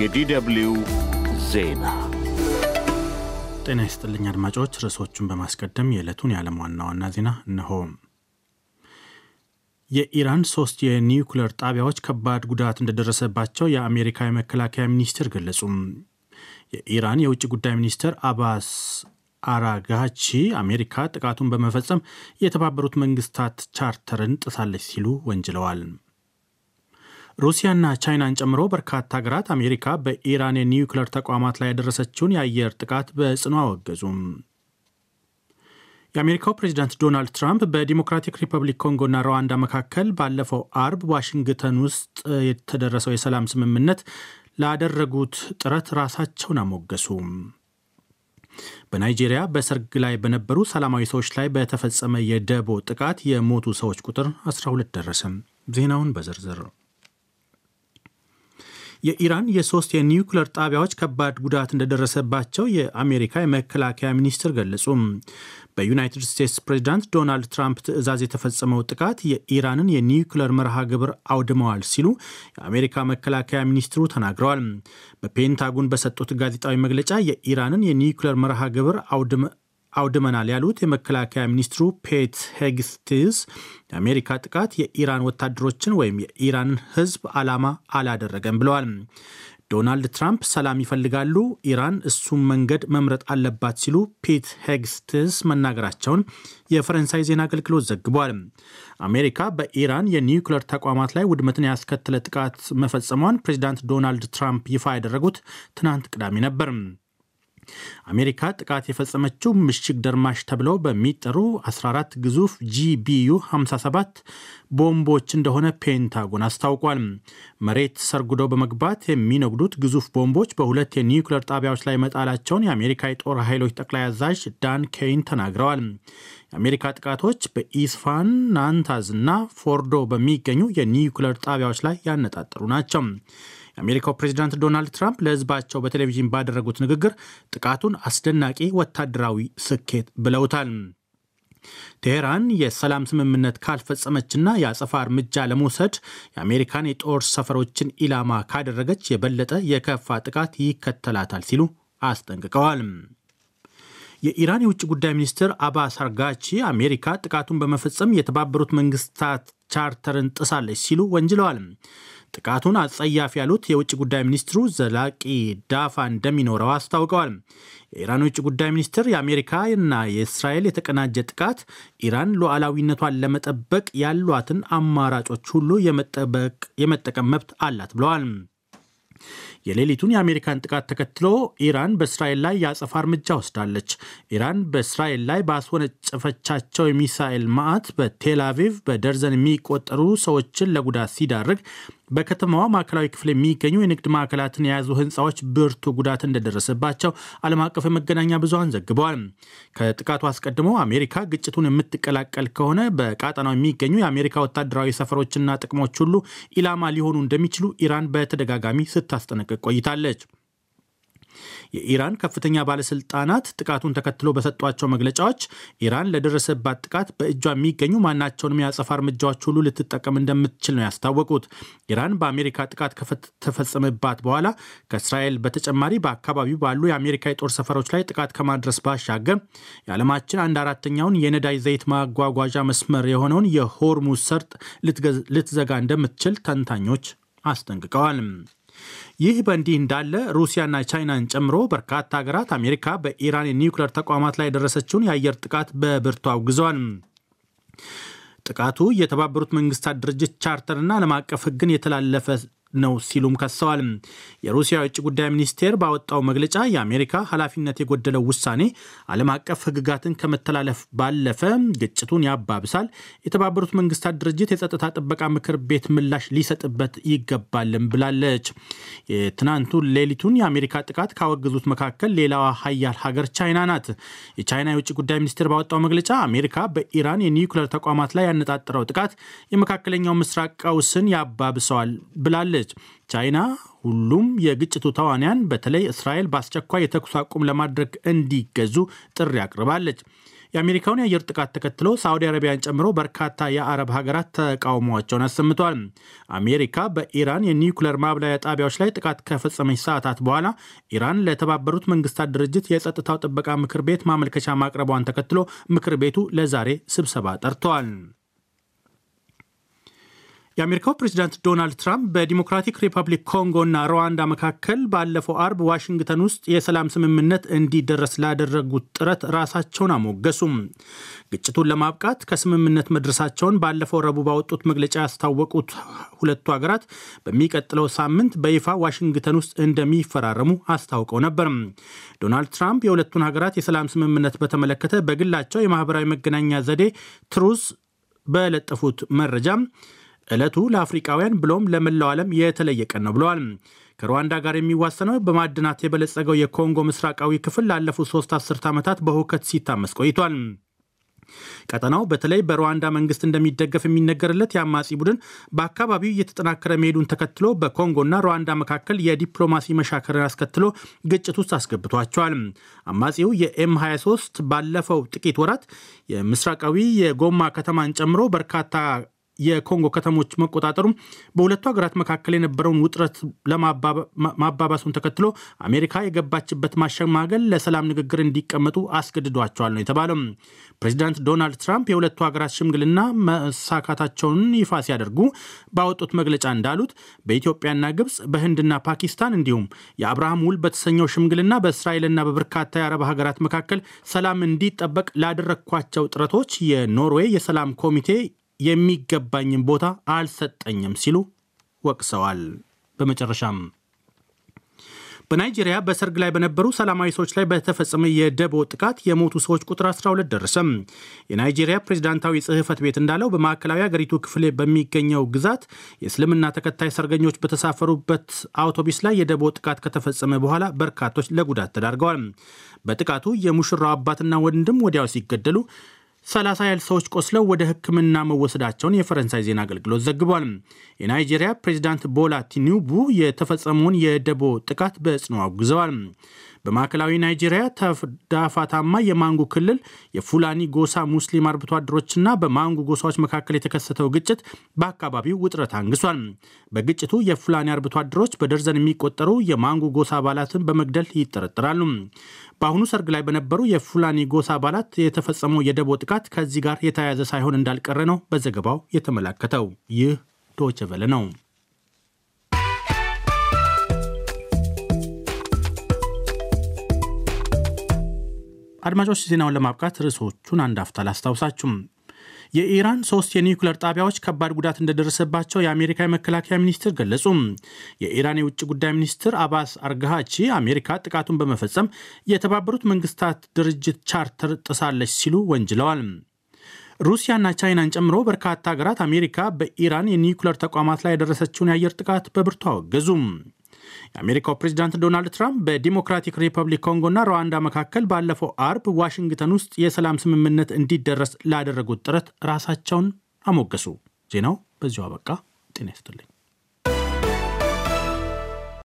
የዲደብልዩ ዜና ጤና ይስጥልኝ አድማጮች። ርዕሶቹን በማስቀደም የዕለቱን የዓለም ዋና ዋና ዜና እነሆ። የኢራን ሶስት የኒውክለር ጣቢያዎች ከባድ ጉዳት እንደደረሰባቸው የአሜሪካ የመከላከያ ሚኒስትር ገለጹ። የኢራን የውጭ ጉዳይ ሚኒስትር አባስ አራጋቺ አሜሪካ ጥቃቱን በመፈጸም የተባበሩት መንግስታት ቻርተርን ጥሳለች ሲሉ ወንጅለዋል። ሩሲያና ቻይናን ጨምሮ በርካታ ሀገራት አሜሪካ በኢራን የኒውክለር ተቋማት ላይ ያደረሰችውን የአየር ጥቃት በጽኑ አወገዙም። የአሜሪካው ፕሬዚዳንት ዶናልድ ትራምፕ በዲሞክራቲክ ሪፐብሊክ ኮንጎና ሩዋንዳ መካከል ባለፈው አርብ ዋሽንግተን ውስጥ የተደረሰው የሰላም ስምምነት ላደረጉት ጥረት ራሳቸውን አሞገሱ። በናይጄሪያ በሰርግ ላይ በነበሩ ሰላማዊ ሰዎች ላይ በተፈጸመ የደቦ ጥቃት የሞቱ ሰዎች ቁጥር 12 ደረሰ። ዜናውን በዝርዝር የኢራን የሶስት የኒውክለር ጣቢያዎች ከባድ ጉዳት እንደደረሰባቸው የአሜሪካ የመከላከያ ሚኒስትር ገለጹ። በዩናይትድ ስቴትስ ፕሬዚዳንት ዶናልድ ትራምፕ ትዕዛዝ የተፈጸመው ጥቃት የኢራንን የኒውክለር መርሃ ግብር አውድመዋል ሲሉ የአሜሪካ መከላከያ ሚኒስትሩ ተናግረዋል። በፔንታጎን በሰጡት ጋዜጣዊ መግለጫ የኢራንን የኒውክለር መርሃ ግብር አውድመናል ያሉት የመከላከያ ሚኒስትሩ ፔት ሄግስትዝ የአሜሪካ ጥቃት የኢራን ወታደሮችን ወይም የኢራንን ሕዝብ ዓላማ አላደረገም ብለዋል። ዶናልድ ትራምፕ ሰላም ይፈልጋሉ፣ ኢራን እሱም መንገድ መምረጥ አለባት ሲሉ ፒት ሄግስትስ መናገራቸውን የፈረንሳይ ዜና አገልግሎት ዘግቧል። አሜሪካ በኢራን የኒውክሌር ተቋማት ላይ ውድመትን ያስከተለ ጥቃት መፈጸሟን ፕሬዚዳንት ዶናልድ ትራምፕ ይፋ ያደረጉት ትናንት ቅዳሜ ነበር። አሜሪካ ጥቃት የፈጸመችው ምሽግ ደርማሽ ተብለው በሚጠሩ 14 ግዙፍ ጂቢዩ 57 ቦምቦች እንደሆነ ፔንታጎን አስታውቋል። መሬት ሰርጉዶ በመግባት የሚነጉዱት ግዙፍ ቦምቦች በሁለት የኒውክለር ጣቢያዎች ላይ መጣላቸውን የአሜሪካ የጦር ኃይሎች ጠቅላይ አዛዥ ዳን ኬይን ተናግረዋል። የአሜሪካ ጥቃቶች በኢስፋን ናንታዝ እና ፎርዶ በሚገኙ የኒውክለር ጣቢያዎች ላይ ያነጣጠሩ ናቸው። የአሜሪካው ፕሬዚዳንት ዶናልድ ትራምፕ ለህዝባቸው በቴሌቪዥን ባደረጉት ንግግር ጥቃቱን አስደናቂ ወታደራዊ ስኬት ብለውታል። ቴሄራን የሰላም ስምምነት ካልፈጸመችና የአጸፋ እርምጃ ለመውሰድ የአሜሪካን የጦር ሰፈሮችን ኢላማ ካደረገች የበለጠ የከፋ ጥቃት ይከተላታል ሲሉ አስጠንቅቀዋል። የኢራን የውጭ ጉዳይ ሚኒስትር አባስ አርጋቺ አሜሪካ ጥቃቱን በመፈጸም የተባበሩት መንግስታት ቻርተርን ጥሳለች ሲሉ ወንጅለዋል። ጥቃቱን አጸያፍ ያሉት የውጭ ጉዳይ ሚኒስትሩ ዘላቂ ዳፋ እንደሚኖረው አስታውቀዋል። የኢራን ውጭ ጉዳይ ሚኒስትር የአሜሪካ እና የእስራኤል የተቀናጀ ጥቃት ኢራን ሉዓላዊነቷን ለመጠበቅ ያሏትን አማራጮች ሁሉ የመጠቀም መብት አላት ብለዋል። የሌሊቱን የአሜሪካን ጥቃት ተከትሎ ኢራን በእስራኤል ላይ የአጸፋ እርምጃ ወስዳለች። ኢራን በእስራኤል ላይ ባስወነጨፈቻቸው የሚሳኤል ማዕት በቴል አቪቭ በደርዘን የሚቆጠሩ ሰዎችን ለጉዳት ሲዳርግ በከተማዋ ማዕከላዊ ክፍል የሚገኙ የንግድ ማዕከላትን የያዙ ህንፃዎች ብርቱ ጉዳት እንደደረሰባቸው ዓለም አቀፍ የመገናኛ ብዙሀን ዘግበዋል። ከጥቃቱ አስቀድሞ አሜሪካ ግጭቱን የምትቀላቀል ከሆነ በቃጠናው የሚገኙ የአሜሪካ ወታደራዊ ሰፈሮችና ጥቅሞች ሁሉ ኢላማ ሊሆኑ እንደሚችሉ ኢራን በተደጋጋሚ ስታስጠነቅቅ ቆይታለች። የኢራን ከፍተኛ ባለስልጣናት ጥቃቱን ተከትሎ በሰጧቸው መግለጫዎች ኢራን ለደረሰባት ጥቃት በእጇ የሚገኙ ማናቸውንም የአጸፋ እርምጃዎች ሁሉ ልትጠቀም እንደምትችል ነው ያስታወቁት። ኢራን በአሜሪካ ጥቃት ከተፈጸመባት በኋላ ከእስራኤል በተጨማሪ በአካባቢው ባሉ የአሜሪካ የጦር ሰፈሮች ላይ ጥቃት ከማድረስ ባሻገር የዓለማችን አንድ አራተኛውን የነዳጅ ዘይት ማጓጓዣ መስመር የሆነውን የሆርሙዝ ሰርጥ ልትዘጋ እንደምትችል ተንታኞች አስጠንቅቀዋል። ይህ በእንዲህ እንዳለ ሩሲያና ቻይናን ጨምሮ በርካታ ሀገራት አሜሪካ በኢራን የኒውክሌር ተቋማት ላይ የደረሰችውን የአየር ጥቃት በብርቱ አውግዘዋል። ጥቃቱ የተባበሩት መንግስታት ድርጅት ቻርተርና ዓለም አቀፍ ሕግን የተላለፈ ነው ሲሉም ከሰዋል። የሩሲያ የውጭ ጉዳይ ሚኒስቴር ባወጣው መግለጫ የአሜሪካ ኃላፊነት የጎደለው ውሳኔ ዓለም አቀፍ ሕግጋትን ከመተላለፍ ባለፈ ግጭቱን ያባብሳል፣ የተባበሩት መንግስታት ድርጅት የጸጥታ ጥበቃ ምክር ቤት ምላሽ ሊሰጥበት ይገባልም ብላለች። የትናንቱ ሌሊቱን የአሜሪካ ጥቃት ካወገዙት መካከል ሌላዋ ሀያል ሀገር ቻይና ናት። የቻይና የውጭ ጉዳይ ሚኒስቴር ባወጣው መግለጫ አሜሪካ በኢራን የኒውክለር ተቋማት ላይ ያነጣጠረው ጥቃት የመካከለኛው ምስራቅ ቀውስን ያባብሰዋል ብላለች። ትገኛለች። ቻይና ሁሉም የግጭቱ ተዋንያን በተለይ እስራኤል በአስቸኳይ የተኩስ አቁም ለማድረግ እንዲገዙ ጥሪ አቅርባለች። የአሜሪካውን የአየር ጥቃት ተከትሎ ሳዑዲ አረቢያን ጨምሮ በርካታ የአረብ ሀገራት ተቃውሟቸውን አሰምቷል። አሜሪካ በኢራን የኒውክለር ማብላያ ጣቢያዎች ላይ ጥቃት ከፈጸመች ሰዓታት በኋላ ኢራን ለተባበሩት መንግስታት ድርጅት የጸጥታው ጥበቃ ምክር ቤት ማመልከቻ ማቅረቧን ተከትሎ ምክር ቤቱ ለዛሬ ስብሰባ ጠርተዋል። የአሜሪካው ፕሬዚዳንት ዶናልድ ትራምፕ በዲሞክራቲክ ሪፐብሊክ ኮንጎ እና ሩዋንዳ መካከል ባለፈው አርብ ዋሽንግተን ውስጥ የሰላም ስምምነት እንዲደረስ ላደረጉት ጥረት ራሳቸውን አሞገሱም። ግጭቱን ለማብቃት ከስምምነት መድረሳቸውን ባለፈው ረቡዕ ባወጡት መግለጫ ያስታወቁት ሁለቱ ሀገራት በሚቀጥለው ሳምንት በይፋ ዋሽንግተን ውስጥ እንደሚፈራረሙ አስታውቀው ነበር። ዶናልድ ትራምፕ የሁለቱን ሀገራት የሰላም ስምምነት በተመለከተ በግላቸው የማህበራዊ መገናኛ ዘዴ ትሩዝ በለጠፉት መረጃ ዕለቱ ለአፍሪቃውያን ብሎም ለመላው ዓለም የተለየ ቀን ነው ብለዋል። ከሩዋንዳ ጋር የሚዋሰነው በማዕድናት የበለጸገው የኮንጎ ምስራቃዊ ክፍል ላለፉት ሶስት አስርት ዓመታት በሁከት ሲታመስ ቆይቷል። ቀጠናው በተለይ በሩዋንዳ መንግስት እንደሚደገፍ የሚነገርለት የአማጺ ቡድን በአካባቢው እየተጠናከረ መሄዱን ተከትሎ በኮንጎና ሩዋንዳ መካከል የዲፕሎማሲ መሻከርን አስከትሎ ግጭት ውስጥ አስገብቷቸዋል። አማጺው የኤም 23 ባለፈው ጥቂት ወራት የምስራቃዊ የጎማ ከተማን ጨምሮ በርካታ የኮንጎ ከተሞች መቆጣጠሩም በሁለቱ ሀገራት መካከል የነበረውን ውጥረት ለማባባሱን ተከትሎ አሜሪካ የገባችበት ማሸማገል ለሰላም ንግግር እንዲቀመጡ አስገድዷቸዋል ነው የተባለው። ፕሬዚዳንት ዶናልድ ትራምፕ የሁለቱ ሀገራት ሽምግልና መሳካታቸውን ይፋ ሲያደርጉ ባወጡት መግለጫ እንዳሉት በኢትዮጵያና ግብፅ፣ በህንድና ፓኪስታን እንዲሁም የአብርሃም ውል በተሰኘው ሽምግልና በእስራኤልና በበርካታ የአረብ ሀገራት መካከል ሰላም እንዲጠበቅ ላደረግኳቸው ጥረቶች የኖርዌይ የሰላም ኮሚቴ የሚገባኝን ቦታ አልሰጠኝም ሲሉ ወቅሰዋል። በመጨረሻም በናይጄሪያ በሰርግ ላይ በነበሩ ሰላማዊ ሰዎች ላይ በተፈጸመ የደቦ ጥቃት የሞቱ ሰዎች ቁጥር 12 ደረሰም። የናይጄሪያ ፕሬዚዳንታዊ ጽህፈት ቤት እንዳለው በማዕከላዊ አገሪቱ ክፍል በሚገኘው ግዛት የእስልምና ተከታይ ሰርገኞች በተሳፈሩበት አውቶቡስ ላይ የደቦ ጥቃት ከተፈጸመ በኋላ በርካቶች ለጉዳት ተዳርገዋል። በጥቃቱ የሙሽራው አባትና ወንድም ወዲያው ሲገደሉ 30 ያህል ሰዎች ቆስለው ወደ ሕክምና መወሰዳቸውን የፈረንሳይ ዜና አገልግሎት ዘግቧል። የናይጄሪያ ፕሬዚዳንት ቦላ የተፈጸመውን የደቦ ጥቃት በጽኑ አውግዘዋል። በማዕከላዊ ናይጄሪያ ተዳፋታማ የማንጉ ክልል የፉላኒ ጎሳ ሙስሊም አርብቶ አደሮችና በማንጉ ጎሳዎች መካከል የተከሰተው ግጭት በአካባቢው ውጥረት አንግሷል። በግጭቱ የፉላኒ አርብቶ አደሮች በደርዘን የሚቆጠሩ የማንጉ ጎሳ አባላትን በመግደል ይጠረጥራሉ። በአሁኑ ሰርግ ላይ በነበሩ የፉላኒ ጎሳ አባላት የተፈጸመው የደቦ ጥቃት ከዚህ ጋር የተያያዘ ሳይሆን እንዳልቀረ ነው በዘገባው የተመላከተው። ይህ ዶችቨለ ነው። አድማጮች፣ ዜናውን ለማብቃት ርዕሶቹን አንድ አፍታ ላስታውሳችሁም። የኢራን ሶስት የኒውክለር ጣቢያዎች ከባድ ጉዳት እንደደረሰባቸው የአሜሪካ የመከላከያ ሚኒስትር ገለጹ። የኢራን የውጭ ጉዳይ ሚኒስትር አባስ አርጋሃቺ አሜሪካ ጥቃቱን በመፈጸም የተባበሩት መንግስታት ድርጅት ቻርተር ጥሳለች ሲሉ ወንጅለዋል። ሩሲያና ቻይናን ጨምሮ በርካታ ሀገራት አሜሪካ በኢራን የኒውክለር ተቋማት ላይ የደረሰችውን የአየር ጥቃት በብርቱ አወገዙም። የአሜሪካው ፕሬዚዳንት ዶናልድ ትራምፕ በዲሞክራቲክ ሪፐብሊክ ኮንጎና ሩዋንዳ መካከል ባለፈው አርብ ዋሽንግተን ውስጥ የሰላም ስምምነት እንዲደረስ ላደረጉት ጥረት ራሳቸውን አሞገሱ። ዜናው በዚሁ አበቃ። ጤና ይስጥልኝ።